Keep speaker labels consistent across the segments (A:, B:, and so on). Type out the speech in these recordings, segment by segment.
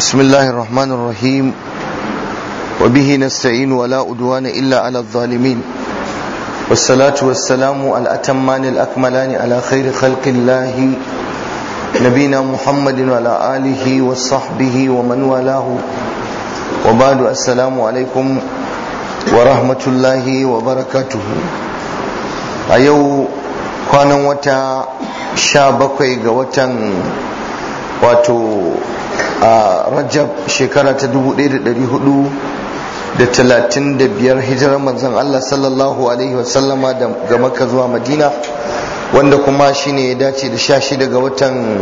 A: بسم الله الرحمن الرحيم وبه نستعين ولا أدوان إلا على الظالمين والصلاة والسلام الأتمان الأكملان على خير خلق الله نبينا محمد وعلى آله وصحبه ومن والاه وبعد السلام عليكم ورحمة الله وبركاته أيو كان وتا شابكوي وتن wato a rajab shekara ta 1435 hijirar manzon Allah sallallahu alaihi wasallama ga maka zuwa madina wanda kuma shine ya dace da 16 ga watan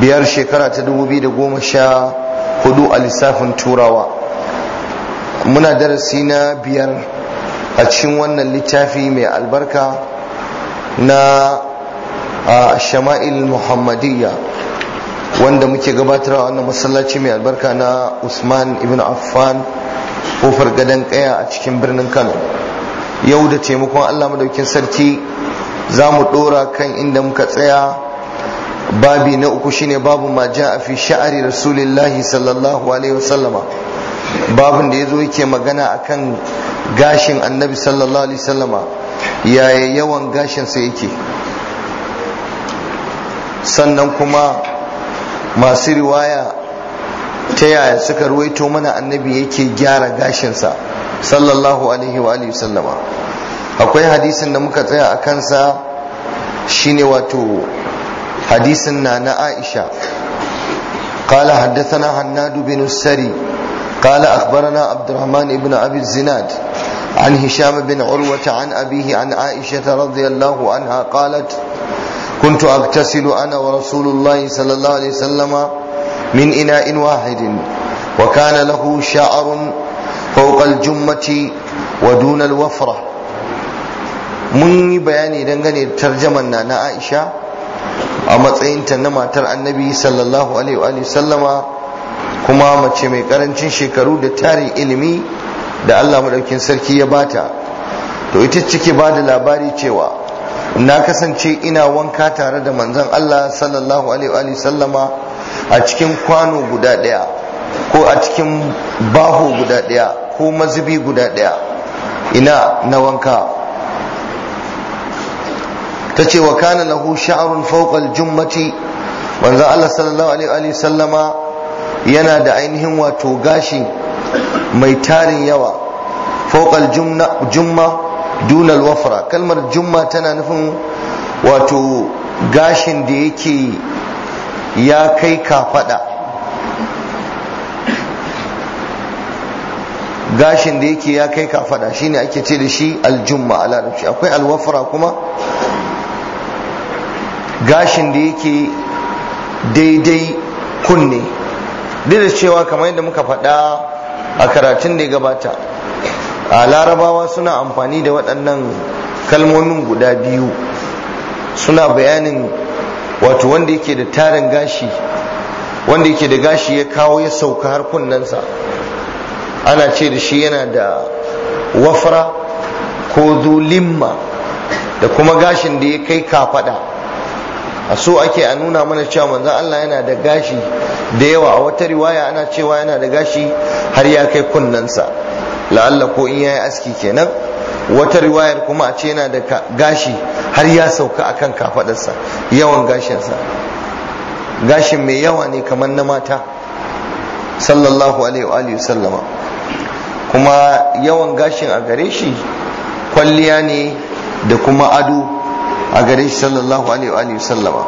A: biyar shekara ta 2014 a lissafin turawa muna darasi na biyar a cikin wannan littafi mai albarka na shama'il muhammadiyya wanda muke gabatar gabatarwa wannan masallaci mai albarka na usman ibn affan kofar gadon kaya a cikin birnin kano yau da taimakon allah madaukin sarki za mu dora kan inda muka tsaya babi na uku shine babu ma ja a fi sha'ari rasulillahi sallallahu alaihi wasallama babin da ya zo yake magana akan gashin annabi sallallahu alaihi wasallama yaya yawan gashinsa yake sannan kuma masu riwaya ta yaya suka ruwaito mana annabi yake gyara gashinsa sallallahu alaihi wa alihi sallama akwai hadisin da muka tsaya a kansa shine wato hadisin na na aisha kala haddathana hannadu bin sari kala akhbarana abdurrahman ibn abi zinad عن bin بن عروة عن أبيه عن عائشة رضي الله عنها قالت كنت أغتسل أنا ورسول الله صلى الله عليه وسلم من إناء wa وكان له شعر فوق الجمة ودون الوفرة mun yi bayani dangane da tarjaman na Aisha a matsayinta na matar annabi sallallahu alaihi sallama kuma mace mai ƙarancin shekaru da tarin ilimi da Allah Maɗaukin sarki ya bata to ita cike ba da labari cewa na kasance ina wanka tare da manzon Allah sallallahu alaihi sallama a cikin kwano guda ɗaya ko a cikin baho guda ɗaya ko mazubi guda ɗaya ina na wanka ta ce wa kana lahu sha'arun fawqal jummati manzon Allah sallallahu alaihi sallama yana da ainihin wato gashi mai tarin yawa fawqal jumma dunal wafra kalmar jumma tana nufin wato gashin da yake ya kai kafada gashin da yake ya kai kafada shine ake ce da shi aljumma a larabci akwai alwafra kuma gashin da yake daidai kunne duk cewa kamar yadda muka faɗa a karatun da ya gabata a larabawa suna amfani da waɗannan kalmomin guda biyu suna bayanin wato wanda yake da tarin gashi wanda yake da gashi ya kawo ya sauka har kunnensa ana ce da shi yana da wafra ko zulimma da kuma gashin da ya kai kafada a so ake a nuna mana cewa manzan Allah yana da gashi da yawa a wata riwaya ana cewa yana da gashi har ya kai kunnensa la'alla ko in yayi aski kenan wata riwayar kuma a ce yana da gashi har ya sauka akan kafadarsa yawan gashinsa gashin mai yawa ne kamar na mata sallallahu alaihi wa sallama kuma yawan gashin a gare shi kwalliya ne da kuma ado a gare shi sallallahu alaihi wa sallama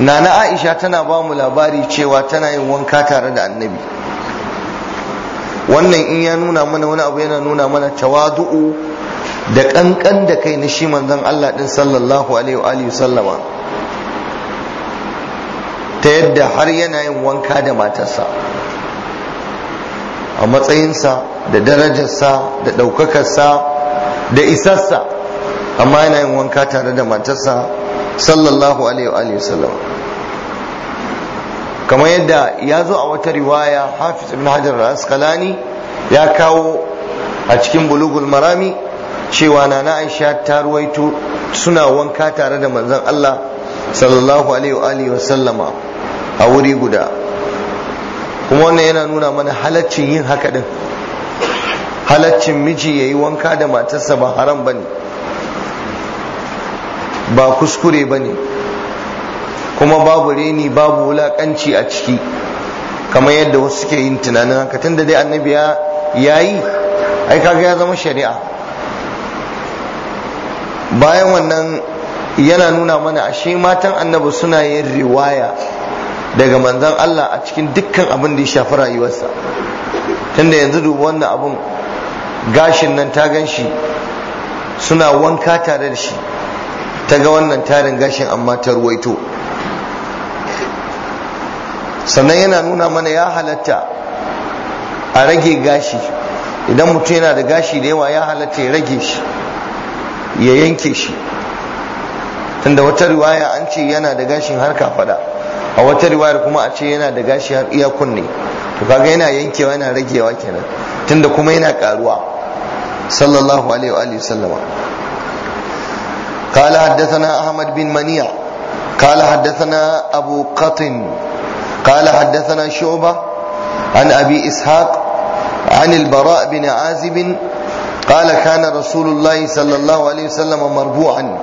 A: nana aisha tana ba mu labari cewa tana yin wanka tare da annabi wannan in ya nuna mana wani abu yana nuna mana tawadu'u da kankan da kai na shi manzon Allah ɗin sallallahu alaihi wa alihi sallama ta yadda har yana yin wanka da matarsa a matsayinsa da darajarsa da ɗaukakarsa da isarsa amma yana yin wanka tare da matarsa sallallahu alaihi wa alihi sallama kamar yadda ya zo a wata riwaya hafiz ibn hajar al-asqalani ya kawo a cikin bulugul marami cewa na aisha ta ruwaito suna wanka tare da manzon Allah sallallahu alaihi wa sallama a wuri guda kuma wannan yana nuna mana halaccin yin haka din halaccin miji yayi wanka da matarsa ba haram bane ba kuskure bane kuma babu reni babu wulakanci a ciki kamar yadda wasu suke yin tunanin haka tunda dai annabi ya yayi ai kaga ya zama shari'a bayan wannan yana nuna mana ashe matan annabi suna yin riwaya daga manzon Allah a cikin dukkan abin da ya shafi rayuwarsa tunda yanzu duba wannan abun gashin nan ta gan shi suna wanka tare da shi ta ga wannan tarin gashin amma ta ruwaito sannan yana nuna mana ya halatta a rage gashi idan mutum yana da gashi da yawa ya halatta ya rage shi ya yanke shi tunda wata riwaya an ce yana da gashin har kafada a wata riwaya kuma a ce yana da gashi har iya kunne to kaga yana yankewa yana ragewa kenan tunda kuma yana karuwa sallallahu alaihi wa alihi sallama قال حدثنا Ahmad بن منيع قال حدثنا أبو قطن قال حدثنا شعبة عن أبي إسحاق عن البراء بن عازب قال كان رسول الله صلى الله عليه وسلم مربوعا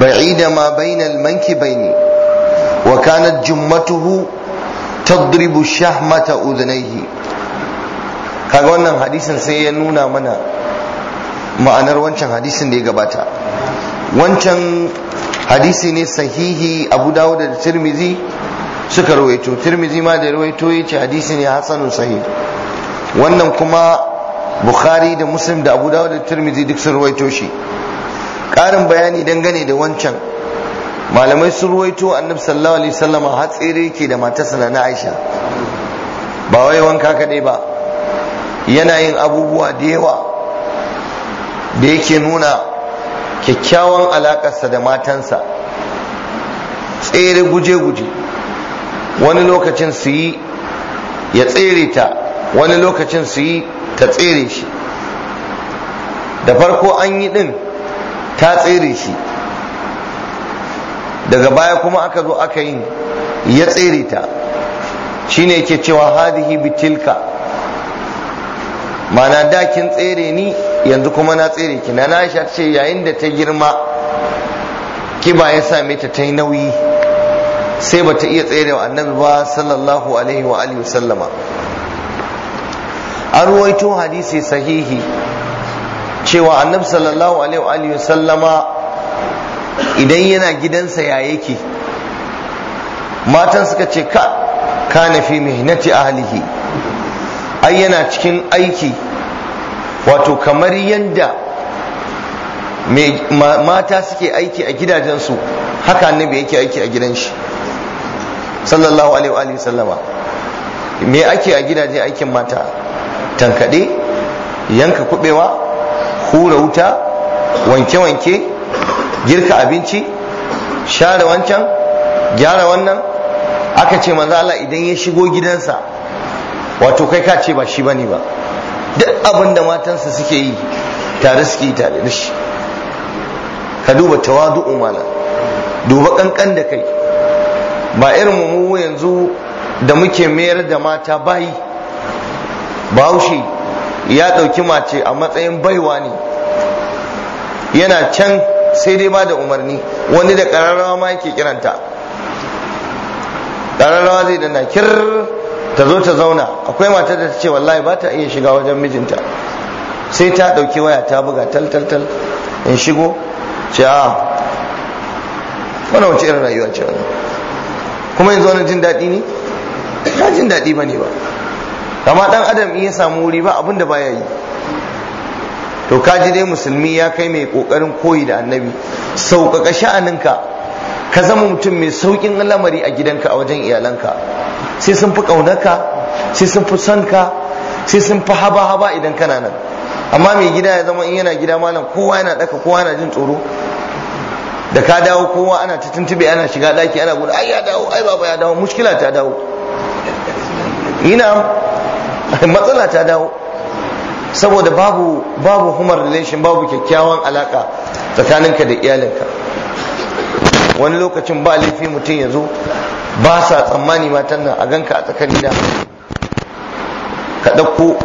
A: بعيد ما بين المنكبين وكانت جمته تضرب الشهمة أذنيه kaga wannan hadisin sai ya nuna mana ma'anar wancan hadisin da ya gabata wancan hadisi ne sahihi abu dawud da tirmizi suka ruwaito tirmizi ma da rawaito ya ce hadisi ne hasanun sahih wannan kuma bukhari da muslim da abu dawud da tirmizi duk sun ruwaito shi Karin bayani dangane da wancan malamai sun ruwaito annabi sallallahu alaihi wasallam har tsere yake da matarsa na aisha ba wai wanka kaɗai ba yana yin abubuwa da yawa da yake nuna kyakkyawan sa da matansa tsere guje-guje wani lokacin su yi ya tsere ta wani lokacin su yi ta tsere shi da farko an yi din ta tsere shi daga baya kuma aka zo aka yi ya tsere ta shine ke cewa hadihi bitilka mana da kin tsere ni yanzu kuma na tsere ki na na ce yayin da ta girma kiba ya same ta ta yi nauyi sai bata iya tsaye da annabi ba sallallahu alaihi wa alihi sallama an ruwaito hadisi sahihi cewa annabi sallallahu alaihi wa alihi sallama idan yana gidansa ya yake matan suka ce ka kana fi mihnati ahlihi ai yana cikin aiki wato kamar yadda mata suke aiki a gidajensu haka annabi yake aiki a gidan shi sallallahu alaihi wa sallama me ake a gidaje aikin mata tankade yanka kubewa hura wuta wanke-wanke girka abinci share wancan gyara wannan aka ce manzo Allah idan ya shigo gidansa wato kai ka ce ba shi bane ba duk abin da matansa suke yi tare suke yi tare da shi ka duba tawadu'u mala duba kankan da kai ba irin mu yanzu da muke mayar da mata bayi bahaushe ya ɗauki mace a matsayin baiwa ne yana can sai dai ba da umarni wani da ƙararrawa ma yake kiranta ƙararrawa zai danna kir ta zo ta zauna akwai mata da ta ce wallahi ba ta iya shiga wajen mijinta sai ta ɗauki waya ta buga tal tal tal in shigo ce a ah, wace irin rayuwa ce wani kuma yanzu wani jin daɗi ne ba jin daɗi ba ne ba amma ɗan adam iya samu wuri ba abinda da baya yi to kaji dai musulmi ya kai mai kokarin koyi da annabi sauƙaƙa sha'aninka ka zama mutum mai sauƙin lamari a gidanka a wajen iyalanka sai sun fi ƙaunarka sai sun fi son ka sai sun fi haba haba idan kana nan amma mai gida ya zama in yana gida malam kowa yana ɗaka kowa yana jin tsoro da ka dawo kowa ana ta tuntube ana shiga daki ana gudu ai ya dawo ai baba ya dawo mushkila ta dawo ina matsala ta dawo saboda babu babu humar relation babu kyakkyawan alaka tsakaninka da iyalinka wani lokacin ba laifi mutum ya zo ba sa tsammani matan nan a ganka a tsakani da ka ɗauko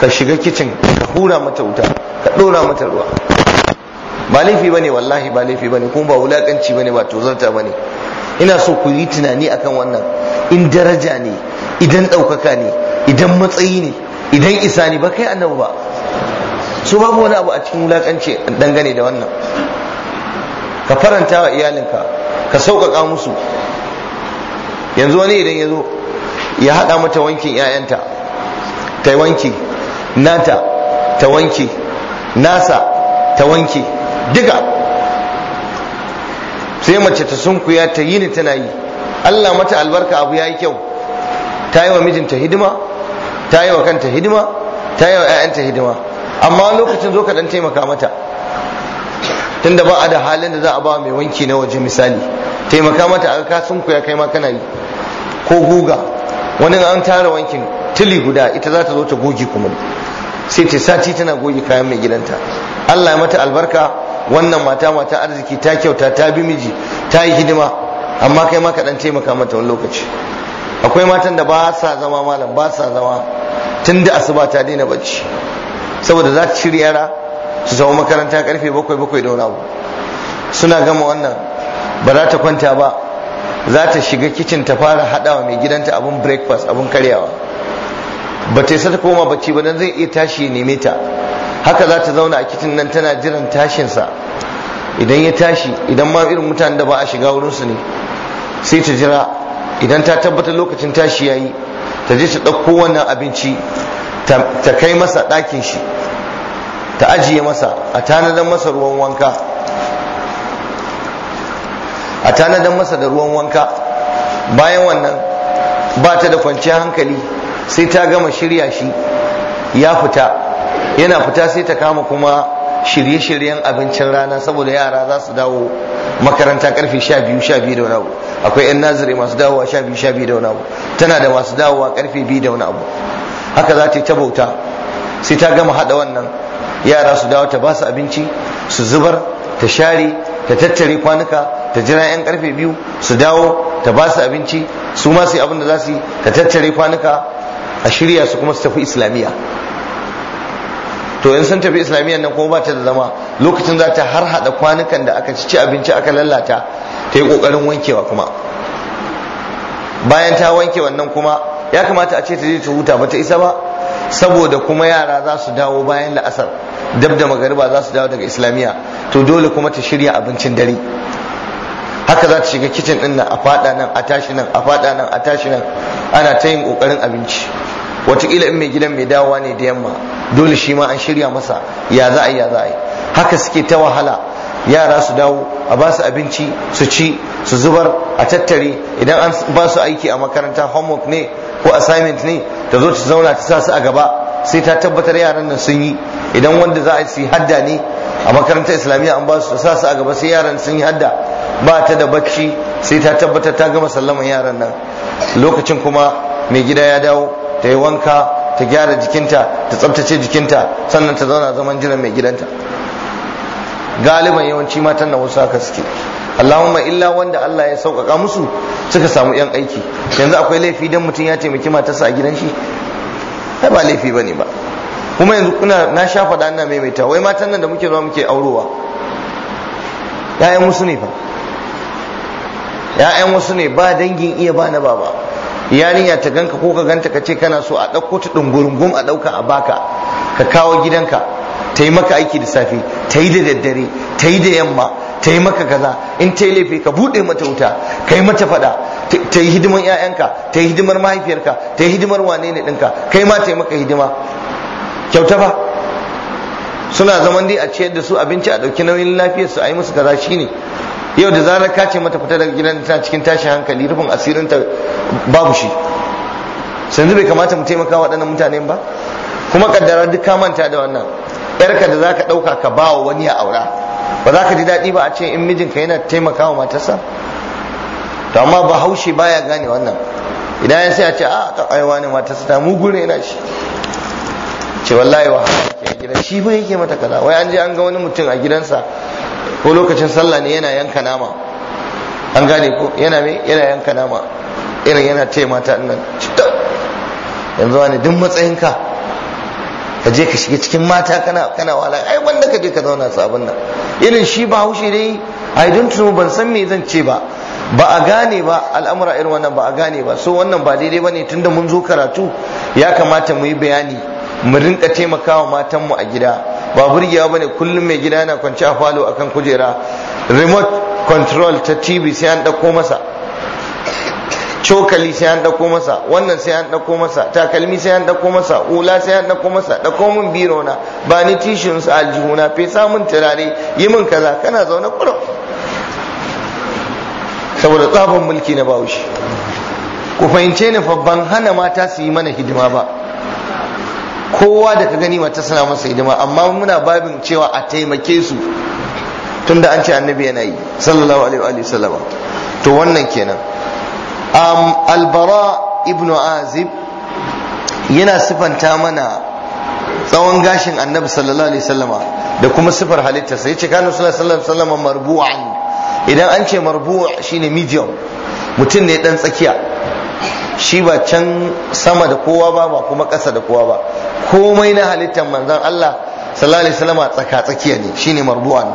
A: ka shiga kicin ka hura mata wuta ka ɗora mata ruwa ba laifi bane wallahi ba laifi bane kuma ba wulakanci bane ba tozarta bane ina so ku yi tunani akan wannan in daraja ne idan ɗaukaka ne idan matsayi ne idan isa ne ba kai nan ba su babu wani abu a cikin wulakanci dangane da wannan ka faranta wa iyalinka ka sauƙaƙa musu yanzu wani idan ya zo ya haɗa mata wankin 'ya'yanta ta wanki nata ta wanki nasa ta wanki diga sai mace ta sunkuya ta yi ni tana yi Allah mata albarka abu ya yi kyau ta yi wa mijinta hidima ta yi wa kanta hidima ta yi wa 'ya'yanta hidima amma lokacin zo ka taimaka mata tunda ba a da halin da za a ba mai wanki na waje misali taimaka mata a ka sunkuya kai ma kana yi ko guga wani an tara wankin tili guda ita za ta zo ta goge kuma sai ta sati tana goge kayan mai gidanta Allah ya mata albarka wannan mata mata arziki ta kyauta ta bi miji ta yi hidima amma kai ma dan taimaka mata wani lokaci akwai matan da ba sa zama malam ba sa zama tun da asuba ta daina bacci saboda za ta shirya yara su zama makaranta karfe bakwai bakwai da wani abu suna gama wannan ba za ta kwanta ba za ta shiga kicin ta fara haɗawa mai gidanta abun breakfast abun karyawa ba ta yi sata koma bacci ba dan zai iya tashi ya neme ta haka za ta zauna a kitin nan tana jiran tashinsa idan ya tashi idan ma irin mutanen da ba a shiga wurinsu ne sai ta jira idan ta tabbatar lokacin tashi ya yi ta je ta ɗauko wannan abinci ta kai masa ɗakin shi ta ajiye masa a tanadar masa ruwan wanka a tanadar masa da ruwan wanka bayan wannan ba ta da kwanciyar hankali sai ta gama shirya shi ya fita yana fita sai ta kama kuma shirye-shiryen abincin rana saboda yara za su dawo makaranta karfe sha biyu sha biyu da wani abu akwai yan naziri masu dawowa sha biyu sha biyu da wani abu tana da masu dawowa karfe biyu da wani abu haka za ta yi ta bauta sai ta gama haɗa wannan yara su dawo ta ba su abinci su zubar ta share ta tattare kwanuka ta jira yan karfe biyu su dawo ta ba su abinci su ma su yi abin da za su yi ta tattare kwanuka a shirya su kuma su tafi islamiyya to in sun tafi islamiyyar nan kuma ba ta da zama lokacin za ta har hada kwanukan da aka ci abinci aka lalata ta yi kokarin wankewa kuma bayan ta wanke wannan kuma ya kamata a ce ta je ta huta ba ta isa ba saboda kuma yara za su dawo bayan la'asar dab da magariba za su dawo daga islamiyya to dole kuma ta shirya abincin dare haka za ta shiga kicin din nan a fada nan a tashi nan a fada nan a tashi nan ana ta yin kokarin abinci watakila in mai gidan mai dawa ne da yamma dole shi ma an shirya masa ya za a yi ya za a yi haka suke ta wahala yara su dawo a ba su abinci su ci su zubar a tattare idan an ba su aiki a makaranta homework ne ko assignment ne ta zo ta zauna ta sa su a gaba sai ta tabbatar yaran nan sun yi idan wanda za a yi hadda ne a makarantar islamiyya an ba su sa su a gaba sai yaran sun yi hadda ba ta da bacci sai ta tabbatar ta gama sallaman yaran nan lokacin kuma mai gida ya dawo ta yi wanka ta gyara jikinta ta tsabtace jikinta sannan ta zauna zaman jiran mai gidanta galiban yawanci matan na wasu haka suke Allahumma illa wanda Allah ya sauƙaƙa musu suka samu yan aiki yanzu akwai laifi don mutum ya taimaki matarsa a gidan shi ai ba laifi ba ne ba kuma yanzu kuna na sha faɗa ina maimaita wai matan nan da muke zuwa muke aurowa Ya'yan wasu ne fa Ya'yan wasu ne ba dangin iya ba na baba yarinya ta ganka ko ka ganta ka ce kana so a ɗauko ta ɗungurungun a ɗauka a baka ka kawo gidanka ta yi maka aiki da safe ta yi da daddare ta yi da yamma ta yi maka kaza in ta yi laifi ka buɗe mata wuta ka yi mata faɗa ta yi hidimar 'ya'yanka ta yi hidimar mahaifiyarka ta yi hidimar wane ne ɗinka kai ma ta yi maka hidima kyauta ba suna zaman dai a ciyar da su abinci a ɗauki nauyin lafiyarsu a yi musu kaza shi ne yau da zarar ka ce mata fita daga gidan ta cikin tashi hankali rufin asirin ta babu shi sanzu bai kamata mu taimaka waɗannan mutanen ba kuma kaddara duk ka manta da wannan yarka da zaka ɗauka ka ba wa wani ya aura ba za ka ji daɗi ba a ce in mijinka yana taimakawa matarsa to amma ba haushe baya gane wannan idan ya sai a ce a ah, ta aiwa ne matarsa ta mugu ne yana shi ce wallahi wa haka ke gidan shi ba yake mata kaza wai an je an ga wani mutum a gidansa ko lokacin sallah ne yana yanka nama an gane ko yana me yana yanka nama irin yana ce mata nan yanzu wani duk matsayinka ka je ka shiga cikin mata kana kana wala ai wanda ka je ka zauna su abin nan irin shi ba haushi dai i don't know ban san me zan ce ba ba a gane ba al'amura irin wannan ba a gane ba so wannan ba daidai bane tunda mun zo karatu ya kamata mu yi bayani mu rinka taimakawa matanmu a gida ba burgewa bane kullum mai gida yana kwance a falo akan kujera remote control ta tv sai an ɗauko masa cokali sai an ɗauko masa wannan sai an ɗauko masa takalmi sai an ɗauko masa hula sai an ɗauko masa ɗauko min biro na ba ni tishin su aljihuna fesa mun turare yi min kaza kana zaune kurum saboda tsafin mulki na bahaushe ku fahimce ni babban hana mata su yi mana hidima ba kowa da ka gani mata suna masa hidima amma muna babin cewa a taimake su tunda an ce annabi yana yi sallallahu alaihi wa sallama to wannan kenan um, albara ibnu azib yana sifanta mana tsawon gashin annabi sallallahu alaihi sallama da kuma sifar halitta ya ce kanu sallallahu alaihi sallama marbu'an idan an ce marbu' shine medium mutum ne dan tsakiya shi ba can sama da kowa ba ba kuma ƙasa da kowa ba komai na halittar manzon Allah sallallahu alaihi wasallam tsaka tsakiya ne shine marbu'an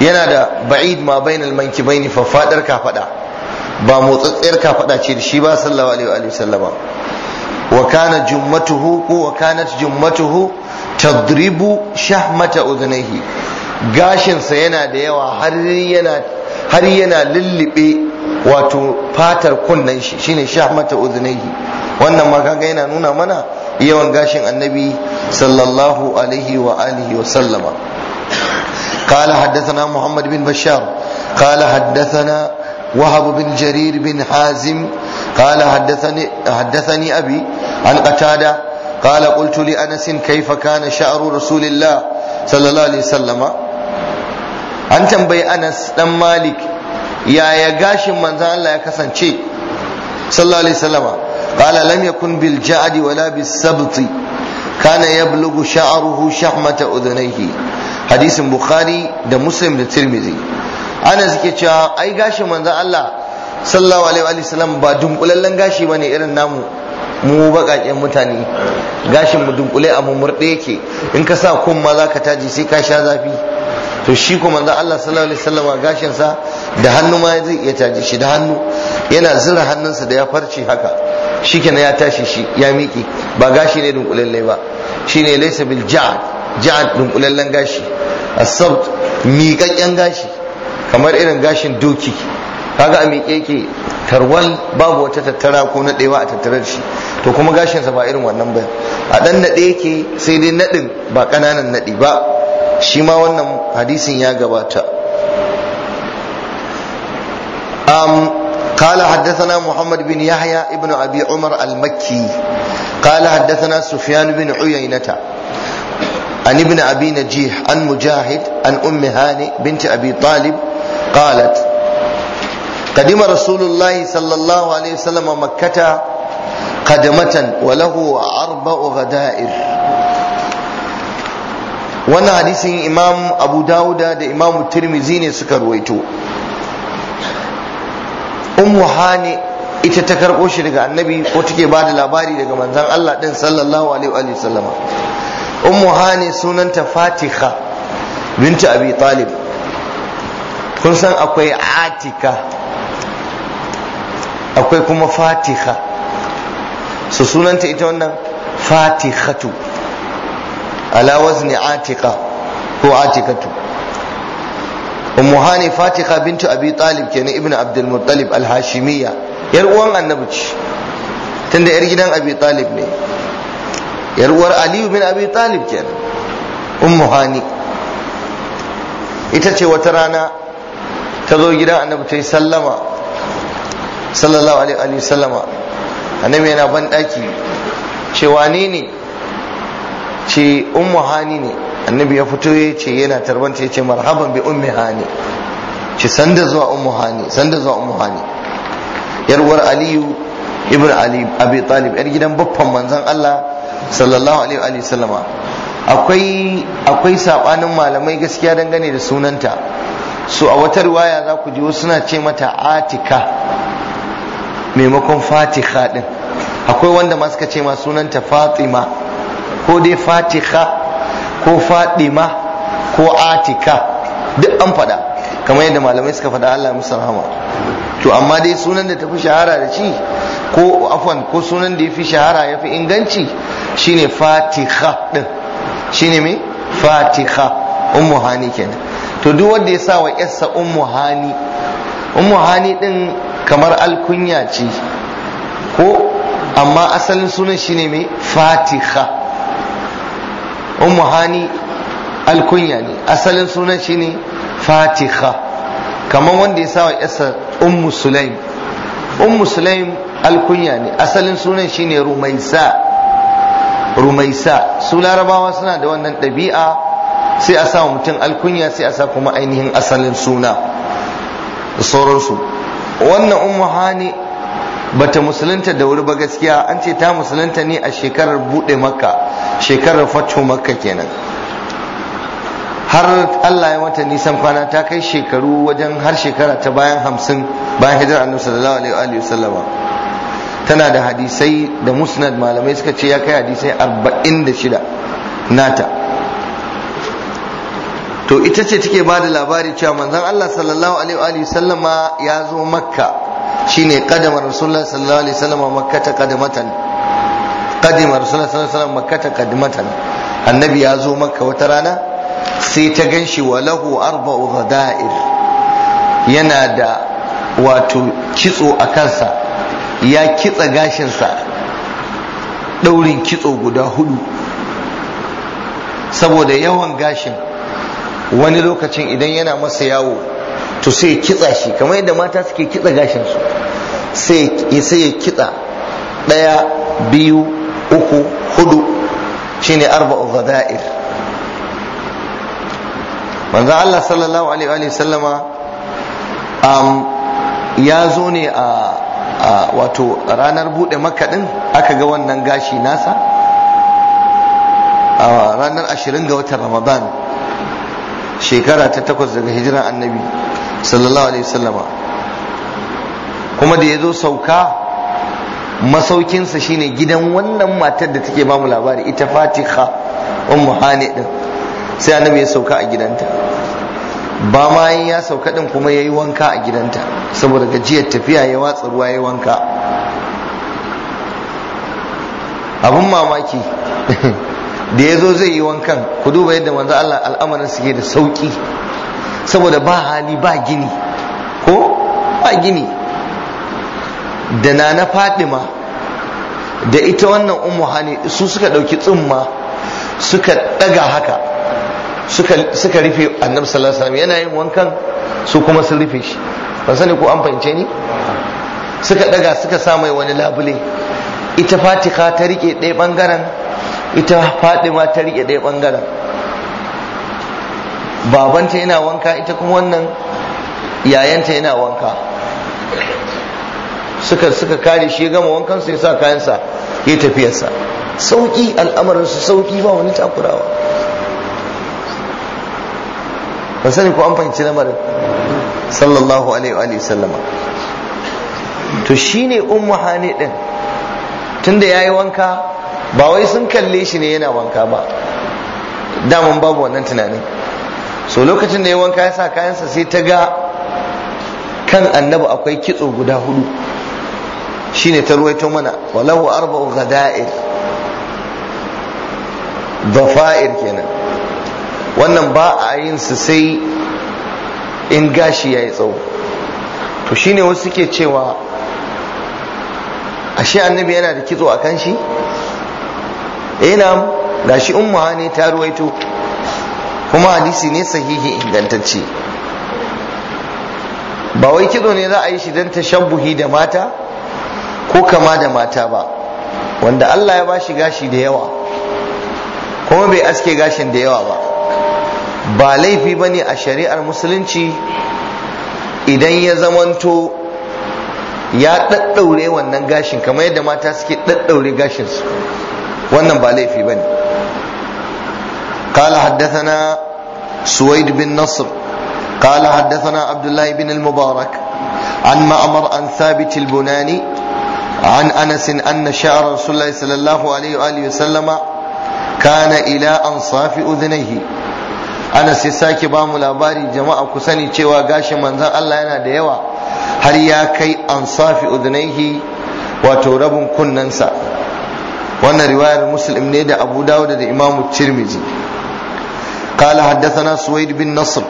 A: yana da ba'id ma bainal mankibaini fafadar kafada ba motsatsiyar kafada ce da shi ba sallallahu alaihi wasallama wa kana jummatuhu ko wa kanat jummatuhu tadribu shahmata udhnayhi gashinsa yana da yawa har yana har yana lullube wato fatar kunnen shi shine mata udhunayhi wannan ma kaga yana nuna mana yawan gashin annabi sallallahu alaihi wa alihi wa sallama قال حدثنا محمد بن بشار قال حدثنا وهب بن جرير بن حازم قال حدثني حدثني ابي عن قتاده قال قلت لانس كيف كان شعر رسول الله صلى الله عليه وسلم an tambayi anas dan malik yaya gashin manzan Allah ya kasance sallallahu alaihi wasallama qala lam yakun bil ja'd wala bis sabt kana yablughu sha'ruhu shahmata udhunayhi hadisin bukhari da muslim da tirmidhi anas ke cewa ai gashin manzan Allah sallallahu alaihi wasallam ba dunkulallen gashi bane irin namu mu bakaken mutane gashin mu dunkule a mu murde yake in ka sa kun ma ka taji sai ka sha zafi to shi kuma Allah sallallahu alaihi wasallam gashin sa da hannu ma zai iya taji shi da hannu yana zura hannunsa da ya farce haka shikenan ya tashi shi ya miki ba gashi ne kulalle ba shine laysa bil ja'd ja'd dunkulallen gashi as-sabt miƙaƙƙen gashi kamar irin gashin doki kaga a miƙe yake tarwal babu wata tattara ko naɗewa a tattarar shi to kuma gashinsa ba irin wannan ba a ɗan naɗe yake sai dai naɗin ba ƙananan naɗi ba shi ma wannan hadisin ya gabata قال حدثنا محمد بن يحيى ابن ابي عمر المكي قال حدثنا سفيان بن عيينة عن ابن ابي نجيح عن مجاهد عن ام هاني بنت ابي طالب قالت قدم رسول الله صلى الله عليه وسلم مكة قدمة وله أربع غدائر wannan hadisin imam abu dawuda da imam tirmizi ne suka ruwaito ummu hani ita ta karɓo shi daga annabi ko take ba da labari daga manzon Allah ɗin sallallahu alaihi wa sallama ummu hani sunanta fatiha binti abi talib kun san akwai atika akwai kuma fatiha su sunanta ita wannan fatihatu ala wazni atika ko atikatu ummu hani fatika bintu abi talib kenan ibnu abdul muttalib al hashimiyya yar uwan annabi ce tunda yar gidan abi talib ne yar uwar aliyu bin abi talib kenan ummu hani ita ce wata rana ta zo gidan annabi ta yi sallama sallallahu alaihi wa sallama annabi yana ban daki ce wane ne ce ummu hani ne annabi ya fito ya ce yana tarbanta ya ce marhaban bi ummi hani ce sanda zuwa ummu hani sanda zuwa ummu hani yarwar aliyu ibn ali abi talib yar gidan baffan manzon Allah sallallahu alaihi wa sallama akwai akwai sabanin malamai gaskiya dangane da sunanta Su a wata riwaya za ku ji wasu suna ce mata atika maimakon fatiha din akwai wanda ma suka ce ma sunanta fatima ko dai fatiha ko fadima ko atika duk an faɗa kamar yadda malamai suka fada Allah musu rahama to amma dai sunan da tafi shahara da shi ko afwan ko sunan da yafi shahara yafi inganci shine fatiha din shine me fatiha ummu hani kenan to duk wanda ya sa wa yarsa ummu hani ummu hani din kamar alkunya ce ko amma asalin sunan shine mai fatiha ummu hani alkunya ne asalin sunan shi ne fatiha kamar wanda ya sa wa yasa ummu sulaim ummu sulaim alkunya ne asalin sunan shi ne rumaisa rumaisa su larabawa suna da wannan ɗabi'a sai a sa mutum alkunya sai a sa kuma ainihin asalin suna da sauransu wannan ummu hani bata musulunta da wuri ba gaskiya an ce ta musulunta ne a shekarar bude makka shekarar fatu makka kenan har Allah ya mata nisan kwana ta kai shekaru wajen har shekara ta bayan hamsin bayan hijirar annabi sallallahu alaihi wa sallama tana da hadisai da musnad malamai suka ce ya kai hadisai arba'in da shida nata to ita ce take ba da labari cewa manzon Allah sallallahu alaihi wa sallama ya zo makka shine kadama rasulullah sallallahu alaihi wasallam makkata qadamatan qadima rasulullah sallallahu alaihi wasallam makkata qadimatan annabi ya zo makka wata rana sai ta ganshi wa lahu arba'u ghada'ir yana da wato kitso a kansa ya kitsa gashinsa daurin kitso guda hudu saboda yawan gashin wani lokacin idan yana masa yawo to sai kitsa shi kamar yadda mata suke kitsa gashin su sai ya kitsa ɗaya biyu uku hudu shine arba'u zada'ir manzo Allah sallallahu alaihi wa sallama um, ya zo ne a wato ranar bude makka aka ga wannan gashi nasa a ranar 20 ga watan ramadan shekara ta takwas daga hijiran annabi sallallahu alaihi wasallama kuma da ya zo sauka masaukinsa shine gidan wannan matar da take bamu labari ita fatiha ummu hani din sai annabi ya sauka a gidanta ba ma ya sauka din kuma yayi wanka a gidanta saboda gajiyar tafiya ya watsa ruwa yayi wanka abun mamaki da ya zo zai yi wankan ku duba yadda manzo Allah al'amarin ke da sauki saboda ba hali ba gini ko ba gini da na na fadima da ita wannan ummu hani su suka ɗauki tsumma suka ɗaga haka suka rufe annabi sallallahu alaihi yana yin wankan su kuma sun rufe shi ban sani ko an fahimce ni suka ɗaga suka sa mai wani labule ita fatika ta rike ɗaya ɓangaren ita fadima ta rike ɗaya ɓangaren babanta yana wanka ita kuma wannan yayanta yana wanka suka suka kare shi gama wankan sai sa kayansa ya tafiyarsa sauki al'amarin su sauki ba wani takurawa ban sani ko an fahimci lamarin sallallahu alaihi wa sallama to shine un muhane din tunda yayi wanka ba wai sun kalle shi ne yana wanka ba daman babu wannan tunanin so lokacin da ya wanka ya sa kayansa sai ta ga kan annabi akwai kitso guda hudu shine ta ruwaito mana walahu arba'u ghada'ir dafa'ir kenan wannan ba a yin su sai in gashi yi tsawo to shine wasu ke cewa ashe annabi yana da kitso a kan shi Ina. Eh, na gashi umma ne ta ruwaito kuma hadisi ne sahihi ingantacce ba wai kitso ne za a yi shi don tashabbuhi da mata ko kama da mata ba wanda Allah ya bashi gashi da yawa kuma bai aske gashin da yawa ba ba laifi ba ne a shari'ar musulunci idan ya zamanto ya ɗaɗɗaure wannan gashin kamar yadda mata suke ɗaɗɗaure gashinsu wannan ba laifi ba ne قال حدثنا سويد بن نصر قال حدثنا عبد الله بن المبارك عن مأمر عن ثابت البناني عن أنس أن شعر رسول الله صلى الله عليه وآله وسلم كان إلى أنصاف أذنيه Anas ya sake bamu labari jama'a ku sani cewa gashin manzon Allah yana da yawa har ya kai ansafi udunaihi wato rabin kunnensa wannan riwayar muslim ne da abu dawud da imamu قال حدثنا سويد بن نصر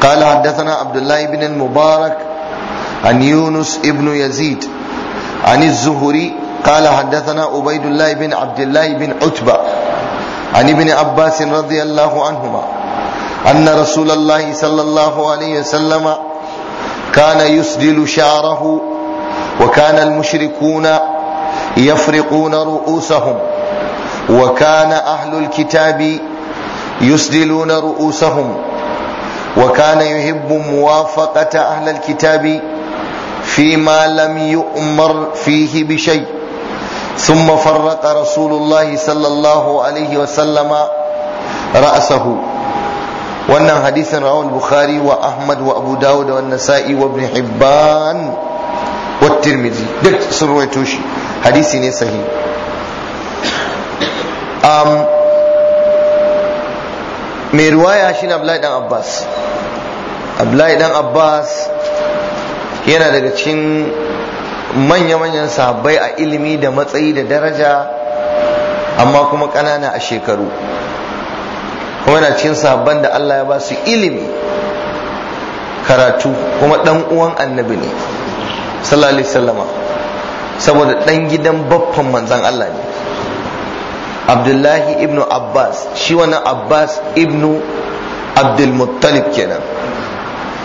A: قال حدثنا عبد الله بن المبارك عن يونس ابن يزيد عن الزهري قال حدثنا عبيد الله بن عبد الله بن عتبة عن ابن عباس رضي الله عنهما أن رسول الله صلى الله عليه وسلم كان يسدل شعره وكان المشركون يفرقون رؤوسهم وكان أهل الكتاب يسدلون رؤوسهم وكان يحب موافقة أهل الكتاب فيما لم يؤمر فيه بشيء ثم فرق رسول الله صلى الله عليه وسلم رأسه wannan hadisin rawan bukhari wa ahmad wa abu dawud wa nasa'i wa ibn hibban wa tirmidhi duk sun shi hadisi ne sahi mai riwaya shine Abdullahi dan Abbas Abdullahi dan Abbas yana daga cikin manya-manyan sahabbai a ilimi da matsayi da daraja amma kuma ƙanana a shekaru kuma yana cikin sahabban da Allah ya ba su ilimi karatu kuma ɗan uwan annabi ne sallallahu alaihi wasallama saboda ɗan gidan baffan manzon Allah ne abdullahi ibnu abbas shi wannan abbas ibnu abdulmuttalib kenan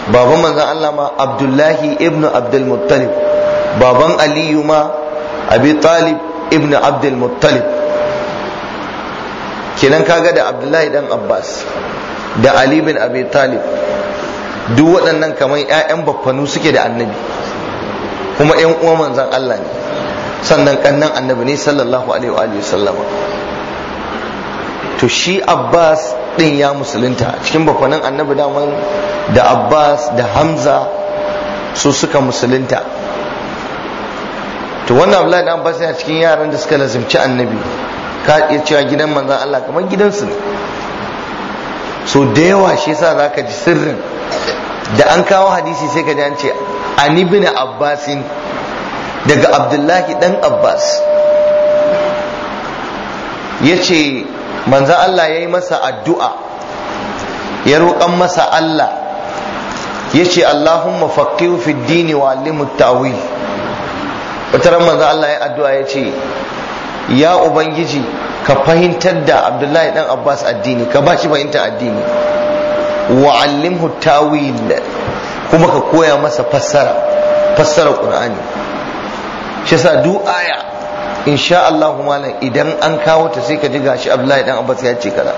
A: baban manzan allah ma abdullahi ibnu abdulmuttalib baban aliyu ma abi talib ibnu abdulmuttalib kenan kaga da abdullahi dan abbas da ali bin abi talib duk waɗannan kamar 'ya'yan baffanu suke da annabi kuma 'yan uwa manzan allah ne sannan kannan annabi ne sallallahu alaihi wa sallama to shi abbas din ya musulunta cikin bakwanin annabi daman da abbas da hamza su suka musulunta to wannan abdullahi da abbas yana cikin yaran da suka lazimci annabi ka iya cewa gidan manzan allah kamar gidansu ne so da yawa shi sa za ka ji sirrin da an kawo hadisi sai ka ji Anibina ce abbasin daga abdullahi dan abbas ya ce manzan Allah ya yi masa addu'a ya roƙan masa Allah ya ce Allahumma faqihu fi dini wa alimu ta'wil manzan Allah ya addu'a ya ce ya ubangiji ka fahimtar da Abdullahi dan Abbas addini ka ba shi fahimta addini wa ta'wil kuma ka koya masa fassara fassara Qur'ani shi yasa sha Allah malam idan an kawo ta sai ka ji gashi Abdullahi dan Abbas ya ce kaza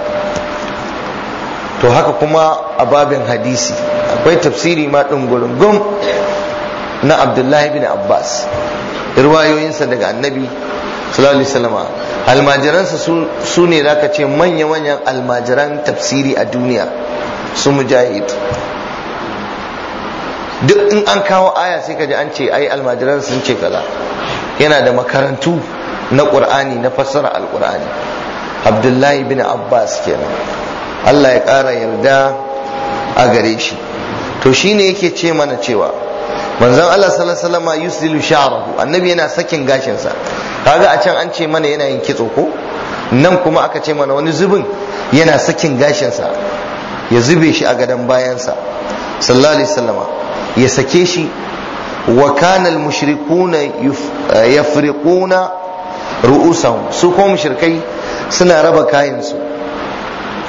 A: to haka kuma a babin hadisi akwai tafsiri ma din gurungum na Abdullahi bin Abbas riwayoyinsa daga annabi sallallahu alaihi wasallam almajiransa su ne zaka ce manya manyan almajiran tafsiri a duniya su mujahid duk in an kawo aya sai ka ji an ce ai almajiran sun ce kaza yana da makarantu na ƙur'ani na fassara alƙur'ani abdullahi bin abbas kenan allah ya ƙara yarda a gare shi to shi ne yake ce mana cewa manzon allah salasalama yusdilu sha'rahu annabi yana sakin gashinsa kaga a can an ce mana yana yin kitso ko nan kuma aka ce mana wani zubin yana sakin gashinsa ya zube shi a gadon bayansa sallallahu alaihi ya sake shi wa kana al-mushrikuna eh, yafriquna ru'usahum su ko mushrikai suna raba kayan su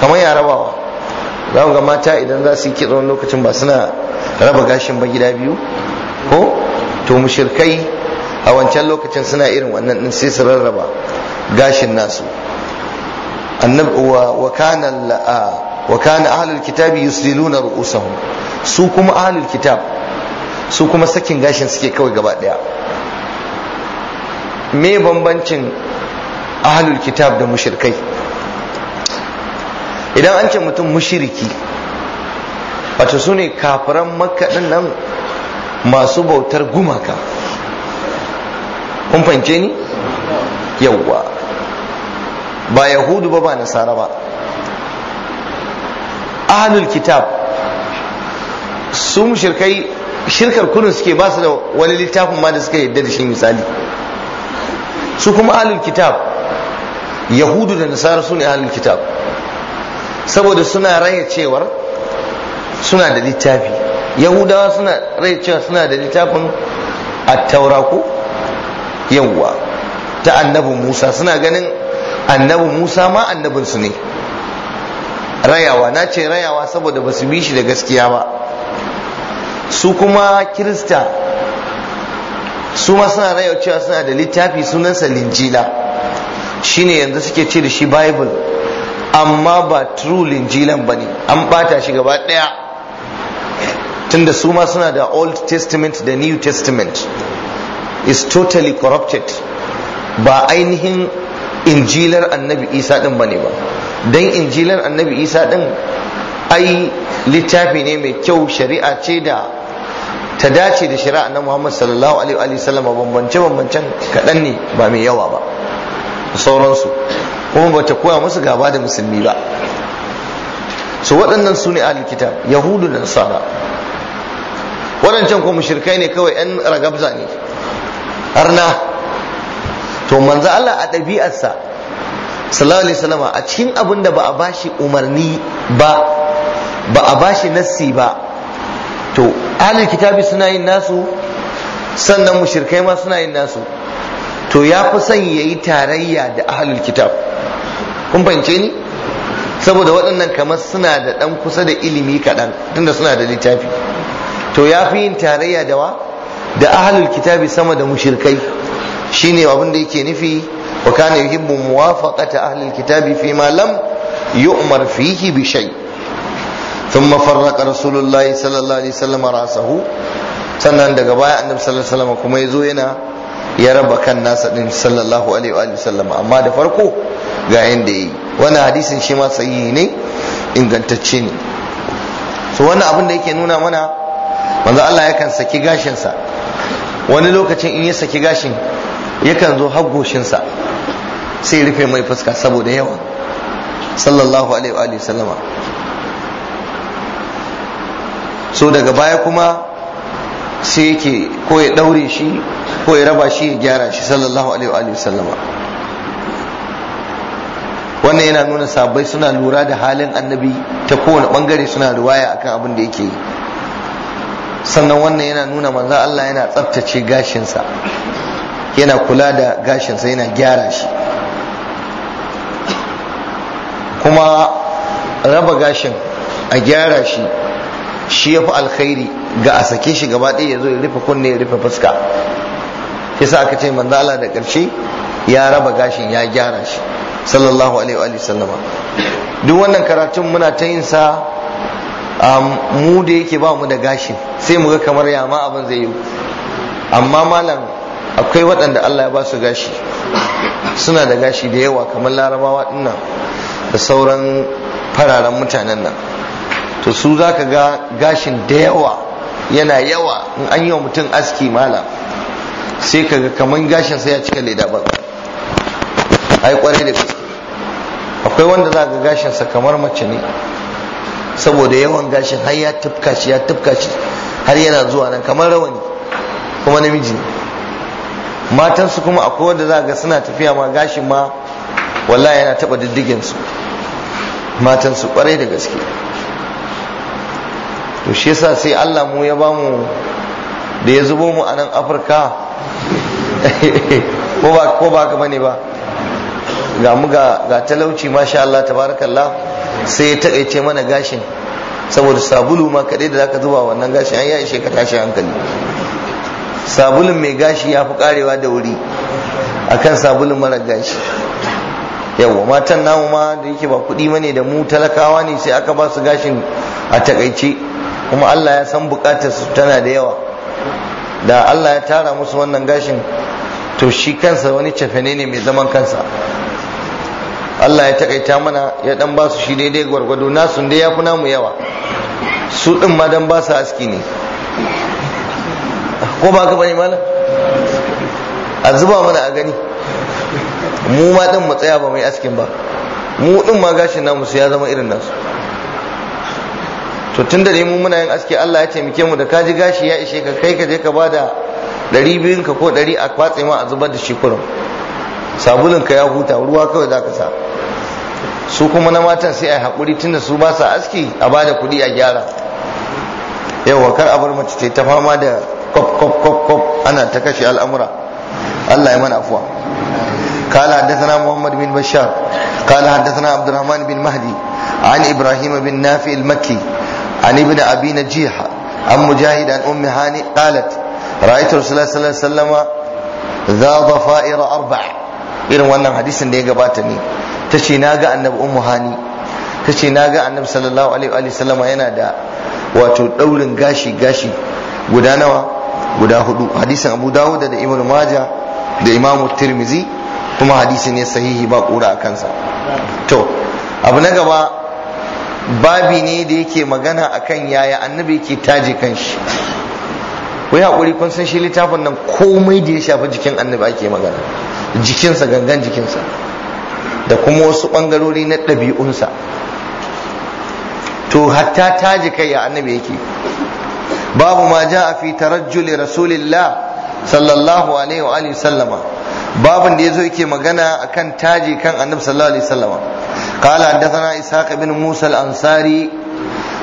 A: kamar ya rabawa ga mata idan za su yi kitso lokacin ba suna raba gashin ba gida biyu ko to mushrikai a wancan lokacin suna irin wannan din sai su rarraba gashin nasu annabi wa kana wa kana ahlul kitabi yusliluna ru'usahum su kuma ahlul kitab su kuma sakin gashin suke kawai gaba daya me bambancin ahlul kitab da mushrikai idan an ce mutum mushiriki wato su ne kafiran makka nan masu bautar gumaka kun fahimce ni Yauwa. ba yahudu ba ba nasara ba ahlul kitab su mushrikai shirkar kurin suke ba su da wani littafin ma da suka yadda da shi misali su kuma ahlul kitab yahudu da nasara su ne ahlul kitab saboda suna raya cewar suna da littafi yahudawa suna raya cewa suna da littafin attaura ko yawwa ta annabin musa suna ganin annabin musa ma annabinsu ne rayawa na ce rayawa saboda ba su bi shi da gaskiya ba su kuma kirista su ma suna rayuwa cewa suna da littafi sunansa linjila shine yanzu suke ce da shi bible amma ba true linjilan ba ne an bata shi gaba ɗaya tunda su ma suna da old testament da new testament is totally corrupted ba ainihin injilar annabi isa ɗin ba ne ba don injilar annabi isa ɗin ai littafi ne mai kyau shari'a ce da ta dace da shari'a na Muhammad sallallahu alaihi wa sallam bambance bambancen kaɗan ne ba mai yawa ba sauransu kuma ba ta koya musu gaba da musulmi ba su waɗannan su ne a kitab yahudu da nasara waɗancan kuma shirkai ne kawai yan ragabza ne arna to manzo Allah a ɗabi'arsa sallallahu alaihi sallama a cikin abin da ba a bashi umarni ba ba a bashi nassi ba to ahlul kitabi suna yin nasu sannan mushrikai ma suna yin nasu to ya fi son ya yi tarayya da ahlul kitab kun fahimce ni saboda waɗannan kamar suna da ɗan kusa da ilimi kaɗan tunda suna da littafi to ya fi yin tarayya da wa da ahlul kitabi sama da mushrikai shine abin da yake nufi wa kana yuhibbu muwafaqata ahlul kitabi fi ma lam yu'mar fihi bi shay' رسول الله صلى الله alaihi وسلم راسه sannan daga baya annabi sallallahu alaihi wasallam kuma yazo yana ya raba kan nasa din sallallahu alaihi wa sallam amma da farko ga inda yi wannan hadisin shi ma sahihi ne ingantacce ne so wannan abin da yake nuna mana manzo Allah yakan saki gashin sa wani lokacin in ya saki gashin yakan zo haggoshin sa sai rufe mai fuska saboda yawa sallallahu alaihi wa sallama so daga baya kuma sai yake ko ya daure shi ko ya raba shi ya gyara shi sallallahu alaihi wa sallama wannan yana nuna sabai suna lura da halin annabi ta kowane bangare suna ruwaya akan abin da yake yi sannan wannan yana nuna manzo Allah yana tsaftace gashinsa yana kula da gashinsa yana gyara shi kuma raba gashin a gyara shi shi ya fi alkhairi ga a sake shi gaba ɗaya ya zo ya rufe kunne ya rufe fuska sa aka ce manzo Allah da ƙarshe ya raba gashin ya gyara shi sallallahu alaihi wa sallama duk wannan karatun muna ta yin sa mu da yake ba mu da gashin sai mu ga kamar yama abin zai yi amma malam akwai waɗanda Allah ya ba su gashi suna da gashi da yawa kamar larabawa nan da sauran fararen mutanen nan to su za ka ga gashin da yawa yana yawa in an yi wa mutum aski malam sai ka ga kamar gashin sai ya cika leda ba ai kwarai da gaske akwai wanda za ga gashin sa kamar mace ne saboda yawan gashin har ya tufka shi ya tufka shi har yana zuwa nan kamar rawani kuma namiji ne matansu kuma akwai wanda za ga suna tafiya ma gashin ma wallahi yana taba diddigin su matansu kwarai da gaske to shi yasa sai Allah mu ya bamu da ya zubo mu a nan Afirka ko ba ka bane ba ga mu ga talauci masha Allah tabarakallah sai ya taƙaice mana gashin saboda sabulu ma kadai da zaka zuba wannan gashin an ya ishe ka tashi hankali sabulun mai gashi ya fi karewa da wuri akan sabulun mara gashi yawa matan namu ma da yake ba kuɗi mane da mu talakawa ne sai aka ba su gashin a takaice kuma Allah ya san bukatar su tana da yawa da Allah ya tara musu wannan gashin to shi kansa wani cafene ne mai zaman kansa Allah ya takaita mana ya dan ba su shi daidai gwargwado nasu da ya fi namu yawa su din ma dan ba su aski ne ko ba ka bani mana? a zuba mana a gani mu ma din mu tsaya ba mai askin ba mu din ma gashin namu su ya zama irin nasu to tun da mu muna yin aski Allah ya taimake mu da kaji gashi ya ishe ka kai ka je ka bada ɗari biyun ka ko ɗari a kwatse ma a zubar da shi kurum sabulin ka ya huta ruwa kawai za ka sa su kuma na matan sai a haƙuri da su ba sa aski a bada kuɗi a gyara yawa kar a bar mace ta fama da kop kop ana ta kashe al'amura Allah ya mana afuwa قال حدثنا محمد بن بشار قال حدثنا عبد الرحمن بن مهدي عن ابراهيم بن نافع المكي عن ابن أبي نجيح عن مجاهد عن أم هاني قالت رأيت رسول الله صلى الله عليه وسلم ذا ضفائر أربع irin wannan hadisin da ya gabata ne ta ce na ga annabi ummu hani ta ce na ga annabi sallallahu alaihi wa sallam yana da wato daurin gashi gashi guda nawa guda hudu hadisin abu dawud da Imam maja da imam tirmizi kuma hadisi ne sahihi ba kura a kansa to abu na gaba babi ne da yake magana akan yaya annabi yake taje kanshi ku yi haƙuri kun san shi littafin nan komai da ya shafi jikin annabi ake magana jikinsa gangan jikinsa da kuma wasu ɓangarori na ɗabi'unsa to hatta taji kai ya annabi yake babu ma ja a fi tarajjuli rasulillah sallallahu alaihi wa sallama babin da yazo yake magana kan taji kan annab sallallahu alaihi wasallam qala haddathana ishaq bin musa al-ansari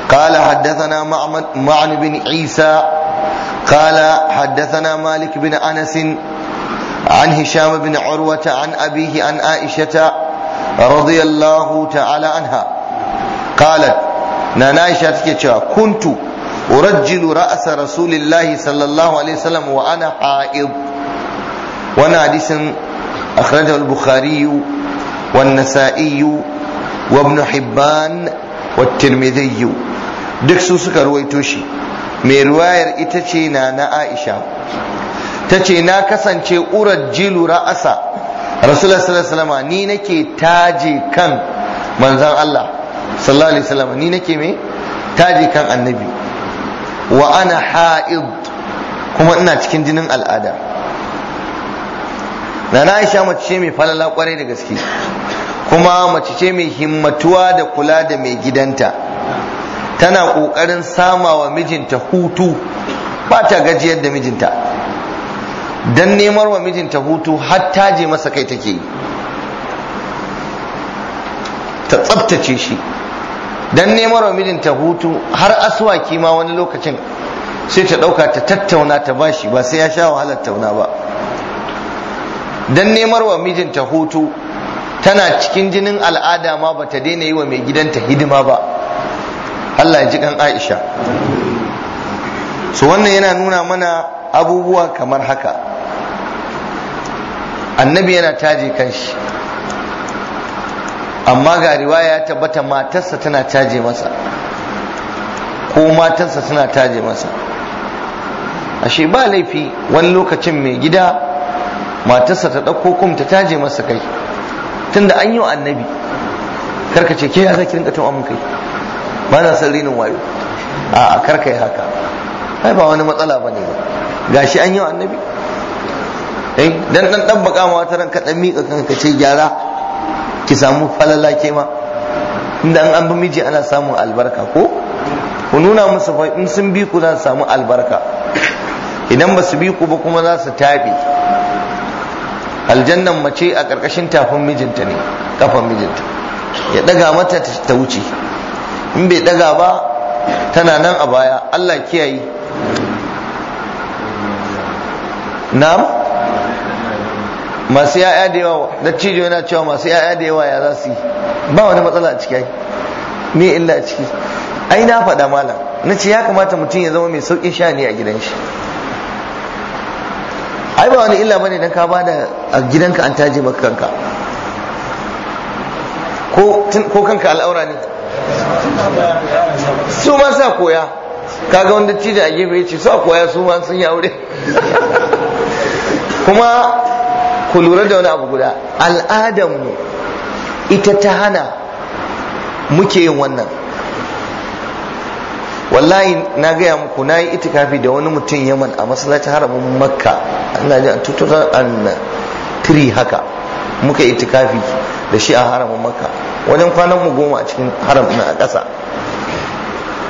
A: qala haddathana ma'mad ma'an bin isa qala haddathana malik bin anas عن هشام بن عروة عن أبيه عن عائشة رضي الله تعالى عنها قالت نانا عائشة كنت أرجل رأس رسول الله صلى الله عليه وسلم وأنا حائض Wani hadisin akhrajahu al-bukhari wa an wani wa ibn hibban zai tirmidhi duk su suka ruwaito shi mai ruwayar ita ce na na aisha ta ce na kasance jilu ra'asa rasulullah sallallahu alaihi ni nake taje kan manzon Allah sallallahu alaihi wasallam ni nake me taje kan annabi wa ana ha'id kuma ina cikin jinin al'ada Na nana aisha mace ce mai falala kwarai da gaske kuma mace ce mai himmatuwa da kula da mai gidanta tana ƙoƙarin sama wa mijinta hutu ba ta gajiyar da mijinta don nemar wa mijinta hutu har ta je masa kai take ta tsabtace shi don nemar wa mijinta hutu har aswaki ma wani lokacin sai ta ɗauka ta tattauna ta bashi ba sai ya sha wahalar tauna ba dan nemar wa mijinta hutu tana cikin jinin al'ada ma ta daina yi wa mai gidanta hidima ba Allah ya ji kan Aisha so wannan yana nuna mana abubuwa kamar haka annabi yana taje kanshi amma ga riwaya ya tabbata matarsa tana taje masa ko matarsa tana taje masa ashe ba laifi wani lokacin mai gida matarsa ta ɗauko kum ta taje masa kai tunda an yi wa annabi karka ce ke ya zaki rinka tun amin kai ba na san rinin wayo a karka yi haka ai ba wani matsala ba ne gashi an yi wa annabi eh dan dan dan baka ma wata ranka dan mika kanka ce gyara ki samu falala ke ma inda an an bi miji ana samun albarka ko ku nuna musu fa in sun bi ku za su samu albarka idan ba su bi ku ba kuma za su tabe aljannan mace a ƙarƙashin tafin mijinta ne kafan mijinta ya ɗaga mata ta wuce in bai ɗaga ba tana nan a baya Allah kiyaye na'am masu ya'ya da yawa na cijo yana cewa masu ya'ya da yawa ya za su yi ba wani matsala a ciki ne illa a ciki ai na faɗa malam na ce ya kamata mutum ya zama mai sauƙin shani a gidan shi ai ba wani illa bane dan ka bada a gidanka an taje maka kanka ko ko kanka al'aura ne su ma sa koya kaga wanda cije a gefe yace sa koya su ma sun yi aure kuma ku lura da wani abu guda al'adanmu ita ta hana muke yin wannan wallahi na gaya muku na yi itikafi da wani mutum yaman a masallacin haramin makka ina ji a 2003 haka muka itikafi da shi a haramin makka wajen kwanan mu goma a cikin haram na a ƙasa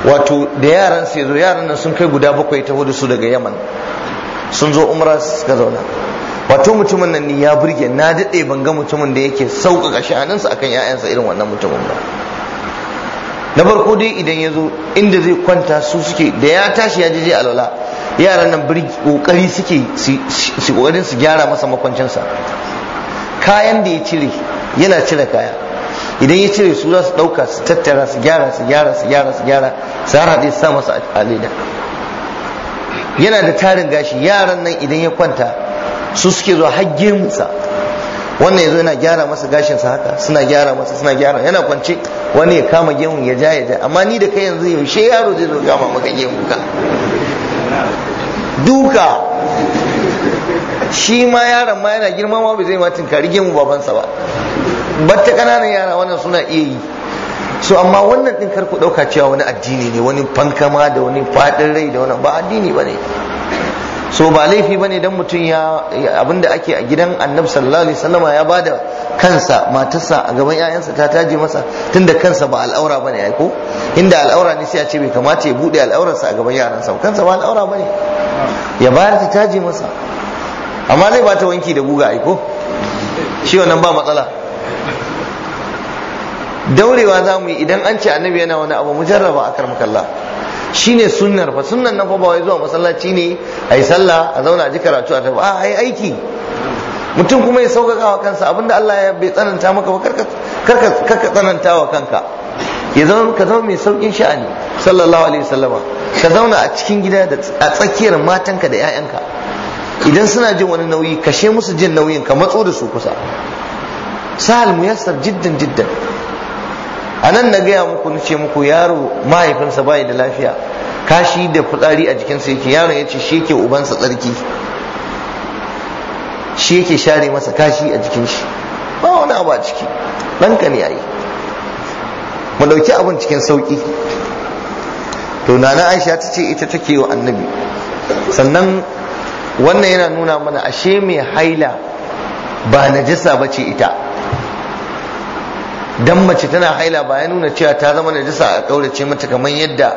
A: wato da yaran su zo yaran nan sun kai guda bakwai ta hudu su daga yaman sun zo umra suka zauna wato mutumin nan ni ya burge na daɗe ban ga mutumin da yake sauƙaƙa sha'aninsa akan 'ya'yansa irin wannan mutumin ba na farko dai idan ya zo inda zai kwanta su suke da ya tashi ya jeje alwala yaran nan biri kokari suke su kokarin su gyara masa makwancinsa kayan da ya cire yana cire kaya idan ya cire su za su dauka su tattara su gyara su gyara su gyara su gyara su haɗe su sa masa a yana da tarin gashi yaran nan idan ya kwanta su suke zuwa har gemunsa wannan yazo yana gyara masa gashin sa haka suna gyara masa suna gyara yana kwance wani ya kama gemu ya ja ya ja amma ni da kai yanzu yaushe yaro zai zo kama maka gemu ka duka shi ma yaron ma yana girma ma bai zai ma tinkari gemu babansa ba batta kananan yara wannan suna iya yi so amma wannan din karku ku dauka cewa wani addini ne wani fankama da wani fadin rai da wani ba addini bane so ba laifi bane dan mutum ya abinda ake a gidan annabi sallallahu alaihi wasallama ya bada kansa matarsa a gaban yayansa ta taje masa tunda kansa ba al'aura bane ai ko inda al'aura ne sai a ce bai kamata ya bude al'aurarsa a gaban yaransa kansa ba al'aura bane ya bayar ta taje masa amma zai bata wanki da guga ai ko shi wannan ba matsala daurewa za mu yi idan an ce annabi yana wani abu mu jarraba akar makalla shi sunnar fa sunnan na fa ba wai zuwa masallaci ne A yi sallah a zauna a ji karatu a tafi a yi aiki mutum kuma ya sauƙaƙa wa kansa abinda Allah ya bai tsananta maka ba karka tsananta wa kanka ya zama ka zama mai saukin sha'ani sallallahu alaihi wasallama ka zauna a cikin gida a tsakiyar matanka da 'ya'yanka idan suna jin wani nauyi kashe musu jin nauyin ka matso da su kusa sahal muyassar jiddan jiddan a nan na gaya muku na ce muku yaro mahaifinsa bai da lafiya kashi da fitsari a jikinsa yake yaron ya ce shi yake ubansa tsarki shi yake share masa kashi a jikin shi ba wani abu a ciki ɗanka ne mu ɗauki abin cikin sauƙi to nana aisha ta ce ita take wa annabi sannan wannan yana nuna mana ashe mai haila ba najasa ba ce ita dan mace tana haila ba ya nuna cewa ta zama najasa a kaurace mata kamar yadda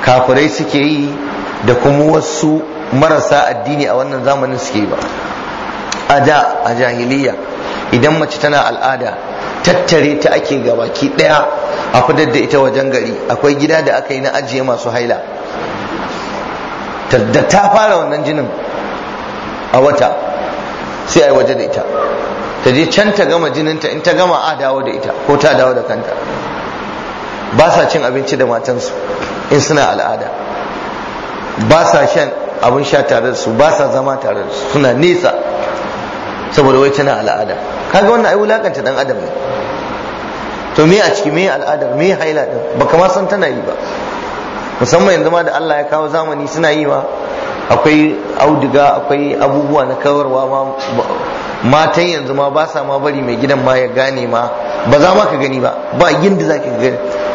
A: kafirai suke yi da kuma wasu marasa addini a wannan zamanin suke ba a da a jahiliya idan mace tana al'ada tattare ta ake gabaki daya a fitar da ita wajen gari akwai gida da aka yi na ajiye masu haila da ta fara wannan jinin a wata sai a yi waje da ita ta je can ta gama jininta in ta gama a dawo da ita ko ta dawo da kanta ba sa cin abinci da matansu in suna al'ada ba sa shan abin sha tare da su ba sa zama tare da su suna nesa saboda wai tana al'ada kaga wannan ai wulakanta dan adam ne to me a ciki me al'adar me haila din ba ma san tana yi ba musamman yanzu ma da Allah ya kawo zamani suna yi ma akwai auduga akwai abubuwa na kawarwa ma matan yanzu ma ba sa ma bari mai gidan ma ya gane ma ba za ma ka gani ba ba yinda za ka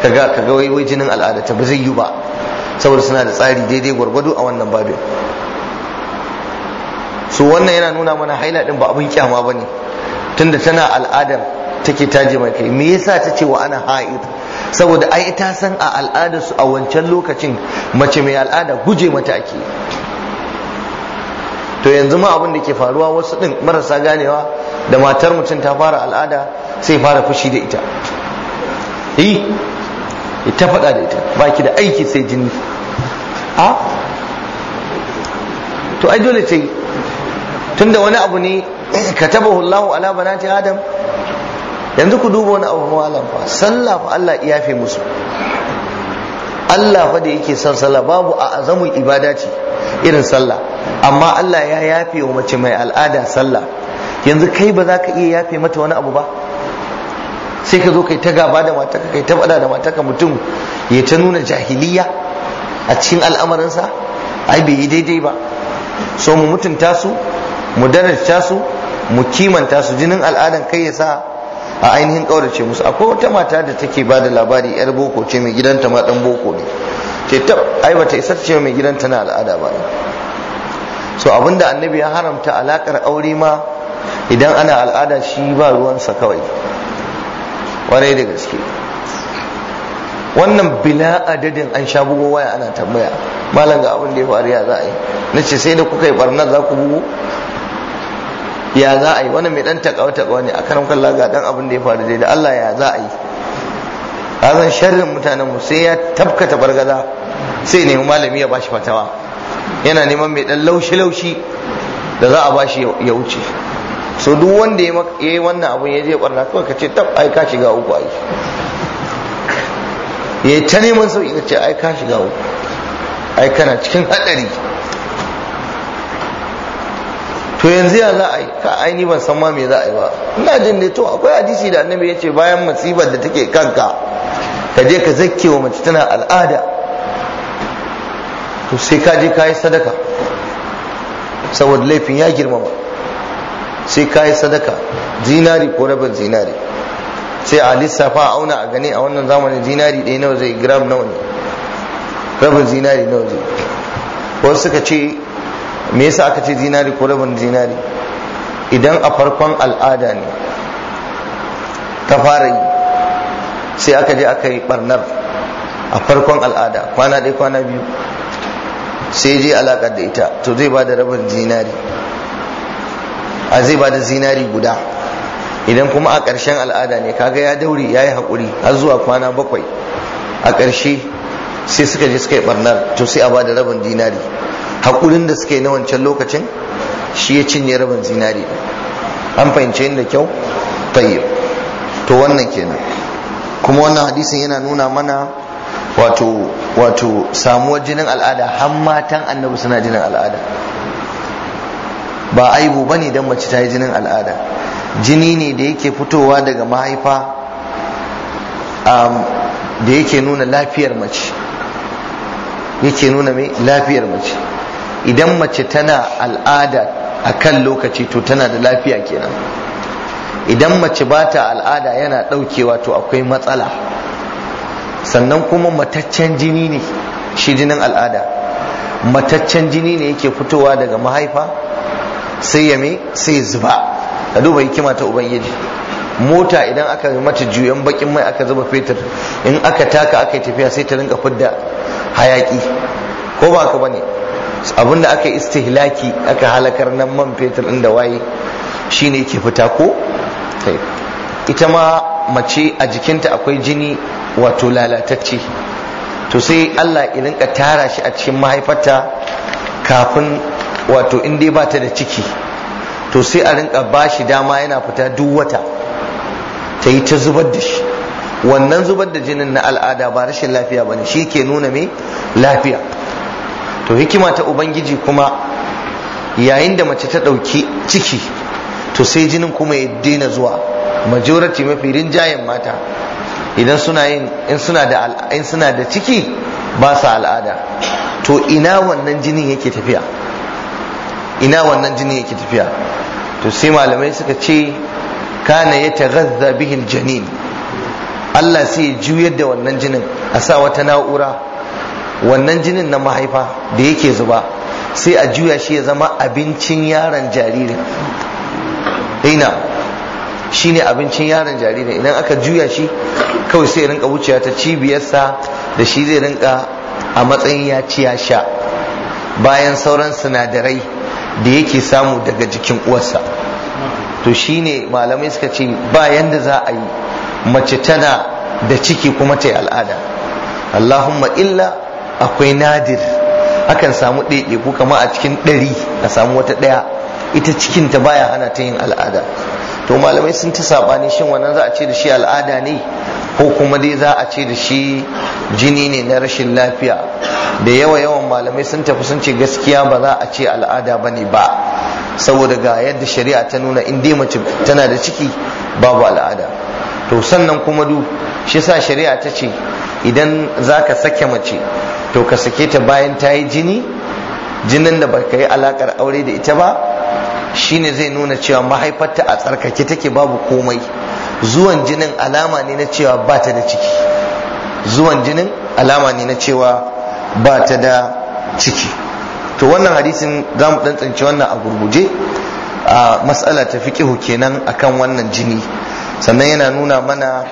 A: ga ka ga wai jinin al'ada ta ba zai yi ba saboda suna da tsari daidai gwargwado a wannan babin so wannan yana nuna mana haila din ba abin kyama ba ne tunda tana al'adar take taje mai kai me yasa ta ce wa ana ha'id saboda ai ta san a al'adarsu a wancan lokacin mace mai al'ada guje mata ake to yanzu ma abin da ke faruwa wasu din marasa ganewa da matar mutum ta fara al'ada sai fara fushi da ita yi eh, ita faɗa da ita ba ki da aiki sai jini a to ai dole ce tunda wani abu ne ka taba hullahu ala banati adam yanzu ku duba wani abu malam fa sallah fa Allah ya yafe musu Allah fa da yake son sallah babu a azamu ibada ce irin sallah amma Allah ya yafe wa mace mai al'ada sallah yanzu kai ba za ka iya yafe mata wani abu ba sai ka zo kai ta gaba da mataka kai ta faɗa da mataka mutum ya ta nuna jahiliya a cikin al'amarinsa ai bai yi daidai ba so mu mutunta su mu darajta su mu kimanta su jinin al'adan kai ya sa a ainihin ƙaurace musu akwai wata mata da take ba da labari yar boko ce mai gidanta ma dan boko ne ce ai bata isa ta ce mai gidan tana al'ada ba so abinda annabi ya haramta alakar aure ma idan ana al'ada shi ba ruwansa kawai Wani da gaske wannan bila adadin an sha bugo waya ana tambaya malam ga abin da ya faru ya za a ce sai da kuka yi barna za ku bugu ya za a yi wani mai dan takawa takawa ne a karan kalla ga dan abin da ya faru dai da Allah ya za a yi sharrin mutanen mu sai ya tabkata bargaza sai nemi malami ya bashi fatawa yana neman mai dan laushi laushi da za a bashi ya wuce so duk wanda ya yi wannan abun ya je barna kuma ka ce tab ai ka shiga uku ai ya ta neman sauki ka ce ai ka shiga uku ai kana cikin hadari to yanzu ya za a yi ka aini ban san ma me za a yi ba ina jin ne to akwai hadisi da annabi ya ce bayan masibar da take kanka ka je ka zakke wa mace tana al'ada to sai ka je ka yi sadaka saboda laifin ya girmama sai ka yi sadaka zinari ko rabin zinari sai a lissafa a auna a gani a wannan zamanin zinari ɗaya nawa zai gram nawa ne rabin zinari nawa zai wasu suka ce me yasa aka ce zinari ko rabin zinari idan a farkon al'ada ne ta fara yi sai aka je aka yi barnar a farkon al'ada kwana ɗaya kwana biyu sai je alakar da ita to zai ba da rabin zinari a zai ba da zinari guda idan kuma a ƙarshen al'ada ne kaga ya daure ya yi haƙuri har zuwa kwana bakwai a ƙarshe sai suka je suka yi ɓarnar to sai a ba da rabin zinari haƙurin da suka yi na wancan lokacin shi ya cinye rabin zinari an fahimce da kyau tayyib to wannan kenan kuma wannan hadisin yana nuna mana wato wato samuwar jinin al'ada har matan annabi suna jinin al'ada ba aibu bane dan mace ta yi jinin al'ada jini ne da yake fitowa daga mahaifa um, da yake nuna lafiyar mace yake nuna mai lafiyar mace idan mace tana al'ada a kan lokaci to tana da lafiya kenan idan mace ba ta al'ada yana ɗaukewa to akwai matsala sannan kuma mataccen jini ne shi jinin al'ada mataccen jini ne yake fitowa daga mahaifa sai ya sai zuba ka duba hikima ta ubangiji mota idan aka yi mata juyan bakin mai aka zuba fetur in aka taka aka yi tafiya sai ta rinka fidda hayaki ko ba ka bane abinda aka yi istihlaki aka halakar nan man fetur inda waye shine yake fita ko ita ma mace a jikinta akwai jini wato lalatacce to sai Allah ya rinka tara shi a cikin mahaifarta kafin wato in dai ba ta da ciki to sai a rinka ba shi dama yana fita duk wata ta yi ta zubar da shi wannan zubar da jinin na al'ada ba rashin lafiya ba ne shi ke nuna mai lafiya to hikima ta ubangiji kuma yayin da mace ta ɗauki ciki to sai jinin kuma ya daina zuwa majority mafi rinjayen mata idan suna yin in suna da in suna da ciki ba sa al'ada to ina wannan jinin yake tafiya ina wannan jinin yake tafiya to sai malamai suka ce kana ya taghazza bihi aljanin Allah sai ya juyar da wannan jinin a sa wata na'ura wannan jinin na mahaifa da yake zuba sai a juya shi ya zama abincin yaron jaririn ina shine abincin yaron jaririn idan aka juya shi kawai sai rinka wucewa ta cibiyarsa da shi zai rinka a matsayin ya ci ya sha bayan sauran sinadarai da yake samu daga jikin uwarsa to shine malamai suka ce ba yanda za a yi mace tana da ciki kuma ta yi al'ada allahumma illa akwai nadir akan samu ko kama a cikin ɗari a samu wata ɗaya ita cikinta baya hana ta yin al'ada to malamai sun ta sabani shin wannan za a ce da shi al'ada ne ko kuma dai za a ce da shi jini ne na rashin lafiya da yawa yawan malamai sun tafi sun ce gaskiya ba za a ce al'ada ba ne ba saboda ga yadda shari'a ta nuna in dai mace tana da ciki babu al'ada to sannan kuma du shi sa shari'a ta ce idan za ka sake mace to ka sake ta bayan ta yi jini jinin da ba ka yi alakar aure da ita ba shine zai nuna cewa mahaifarta a tsarkake take babu komai zuwan jinin alama ne na cewa ba ta da ciki zuwan jinin alama ne na cewa ba ta da ciki to wannan hadisin za mu tsanci wannan a gurguje a matsala ta kihu kenan akan wannan jini sannan yana nuna mana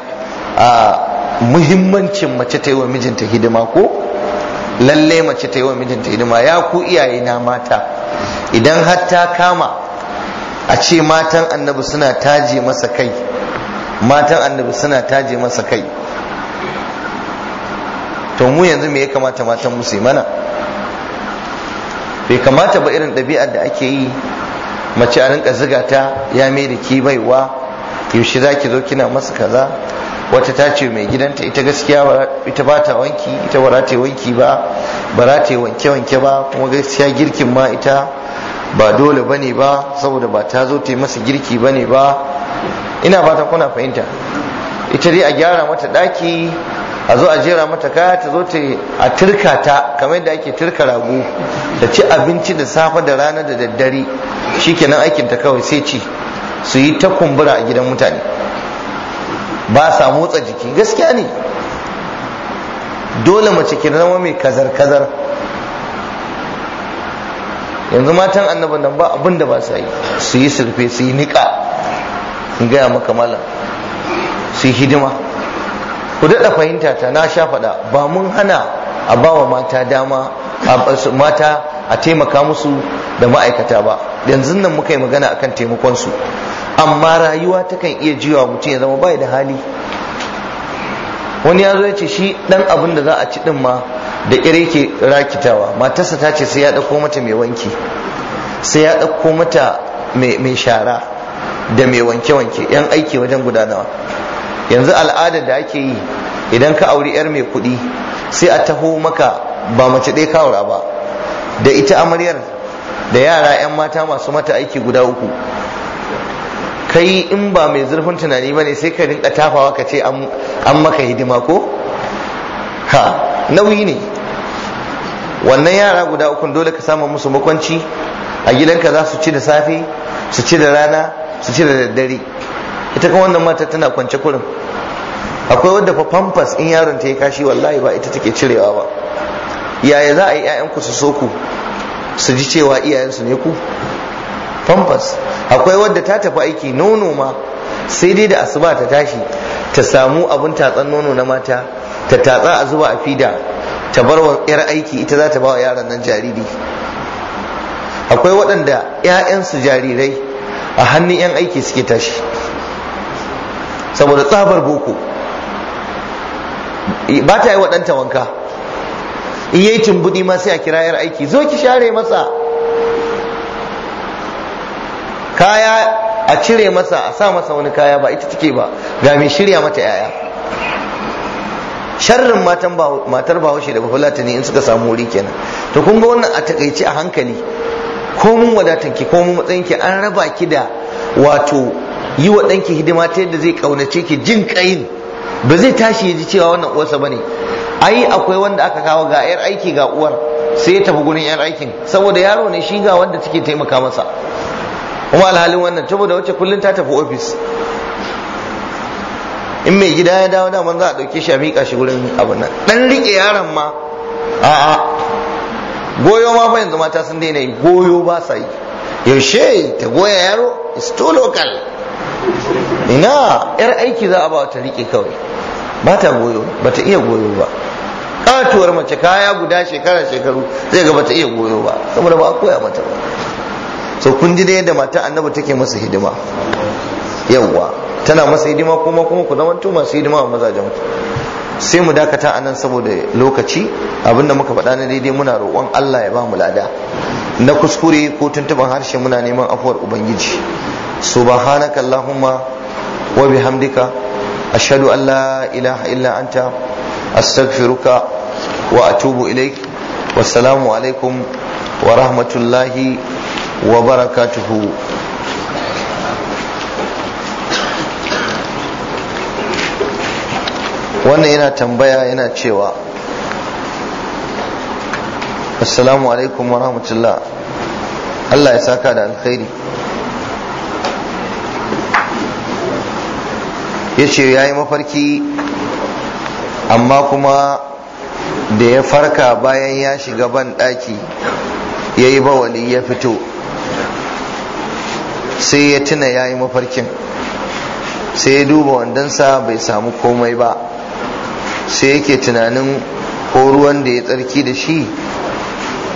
A: a muhimmancin mace ta yi wa mijinta hidima ko lalle mace ta yi wa mijinta hidima ya ku iyaye na mata idan har ta kama a ce matan annabi suna taje masa kai matan annabi suna taje masa kai to mu yanzu me ya kamata matan mu su mana bai kamata ba irin ɗabi'ar da ake yi mace a rinka ziga ta ya mai da ki baiwa yaushe za ki zo kina masa kaza wata ta ce mai gidanta ita gaskiya ita ba ta wanki ita ba ta wanki ba ba ta wanke wanke ba kuma gaskiya girkin ma ita ba dole bane ba saboda ba ta zo ta yi masa girki bane ba ina fata kuna fahimta ita dai a gyara mata daki a zo a jera mata kaya ta zo ta a turka ta kamar yadda ake turka rago da ci abinci da safe da rana da daddare shikenan aikin aikinta kawai sai ci su yi ta kumbura a gidan mutane ba sa motsa jiki gaskiya ne dole mace ki zama mai kazar kazar yanzu matan annaban nan ba abin da ba su yi su yi sulfe su yi niƙa in gaya maka malam su yi hidima ku daɗa fahimta ta na sha faɗa ba mun hana a ba wa mata dama mata a taimaka musu da ma'aikata ba yanzu nan muka yi magana akan taimakon su amma rayuwa takan iya jiwa mutum ya zama bai da hali wani ya zo ya ce shi dan abin da za a ci din ma da kire ke rakitawa matarsa ta ce sai ya ɗauko mata mai wanki sai ya ɗauko mata mai shara da mai wanke-wanke yan aiki wajen gudanawa yanzu al'adar da ake yi idan ka auri 'yar mai kuɗi sai a taho maka ba mace ɗaya kawura ba da ita amaryar da yara 'yan mata masu mata aiki guda uku kai in ba mai zurfin tunani ba ne sai ka rinka tafawa ka ce an maka hidima ko ha nauyi ne wannan yara guda ukun dole ka samu musu makwanci a gidanka za su ci da safe su ci da rana su ci da daddare ita kan wannan mata tana kwance kurin akwai wadda fa pampas in yaron ta ya kashi wallahi ba ita take cirewa ba yaya za a yi 'ya'yanku su so su ji cewa iyayensu ne ku pampas akwai wadda ta tafi aiki nono ma sai dai da asuba ta tashi ta samu abin tatsan nono na mata ta tatsa a zuba a fida ta bar wa yar aiki ita za ta ba wa yaran nan jariri akwai waɗanda 'ya'yansu jarirai a hannun 'yan aiki suke tashi saboda tsabar boko ba ta yi waɗanta wanka in yi tumbudi ma sai a kira yar aiki zo ki share masa kaya a cire masa a sa masa wani kaya ba ita take ba ga mai shirya mata 'ya'ya sharrin matan matar bahaushe da bafulata ne in suka samu wuri kenan to kun ga wannan a takaice a hankali ko mun wadatan ki ko mun matsayin an raba ki da wato yi wa ɗanki hidima ta yadda zai kaunace ki jin kayin ba zai tashi ya ji cewa wannan uwarsa bane ai akwai wanda aka kawo ga yar aiki ga uwar sai ya tafi gurin yar aikin saboda yaro ne shi ga wanda take taimaka masa kuma alhalin wannan saboda wacce kullum ta tafi ofis in mai gida ya dawo daman za a ɗauke shi a miƙa shi wurin abu nan ɗan riƙe yaron ma a'a goyo ma fa yanzu mata sun daina yi goyo ba sa yi yaushe ta goya yaro is too local ina yar aiki za a ba ta riƙe kawai ba ta goyo ba ta iya goyo ba katuwar mace kaya guda shekara shekaru zai ga ta iya goyo ba saboda ba a koya mata ba so kun ji da yadda mata annabi take masu hidima yawwa tana masa hidima kuma kuma ku zama zamanto masu hidima a mazajen ku sai mu dakata a nan saboda lokaci abinda muka faɗa na daidai muna roƙon Allah ya ba mu lada na kuskure ko tuntuban harshe muna neman afuwar ubangiji subhanaka allahumma wa bihamdika ashhadu an la ilaha illa anta astaghfiruka wa atubu ilaik wassalamu alaikum wa rahmatullahi wa barakatuhu wannan yana tambaya yana cewa assalamu alaikum wa rahmatullah Allah ya saka da alkhairi ya ce ya yi mafarki amma kuma da ya farka bayan ya shiga ban ɗaki ya yi bawali ya fito sai ya tuna ya yi mafarkin sai ya duba wandonsa bai samu komai ba sai yake tunanin ko ruwan da ya tsarki da shi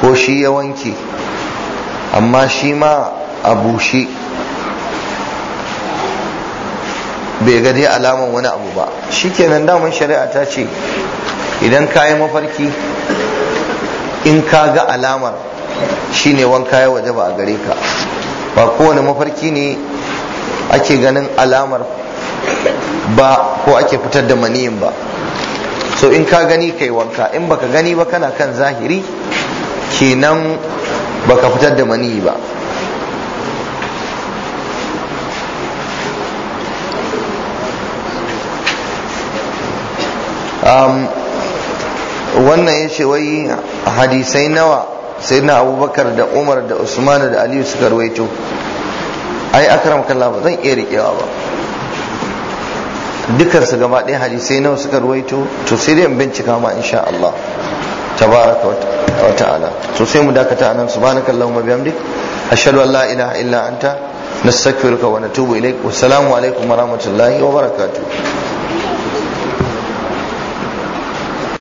A: ko shi ya wanke amma shi ma a bushe bai ga dai alaman wani abu ba shi kenan daman shari'a ta ce idan ka yi mafarki in ka ga alamar shi ne wanka ya waje ba a gare ka ba kowane mafarki ne ake ganin alamar ba ko ake fitar da maniyin ba so in ka gani kai wanka in baka gani ba kana kan zahiri kenan baka fitar da mani ba wannan ya ce wai hadisai nawa sai na abubakar da umar da usman da aliyu suka ruwaito ai akram kallah ba zan iya riƙewa ba su gaba ɗaya hadisai nawa suka ruwaito to sai dai bincika ma insha Allah tabaraka wa ta'ala to sai mu dakata anan subhanakallahumma bihamdik ashhadu an la ilaha illa anta nastaghfiruka wa natubu ilaik assalamu alaikum wa rahmatullahi wa barakatuh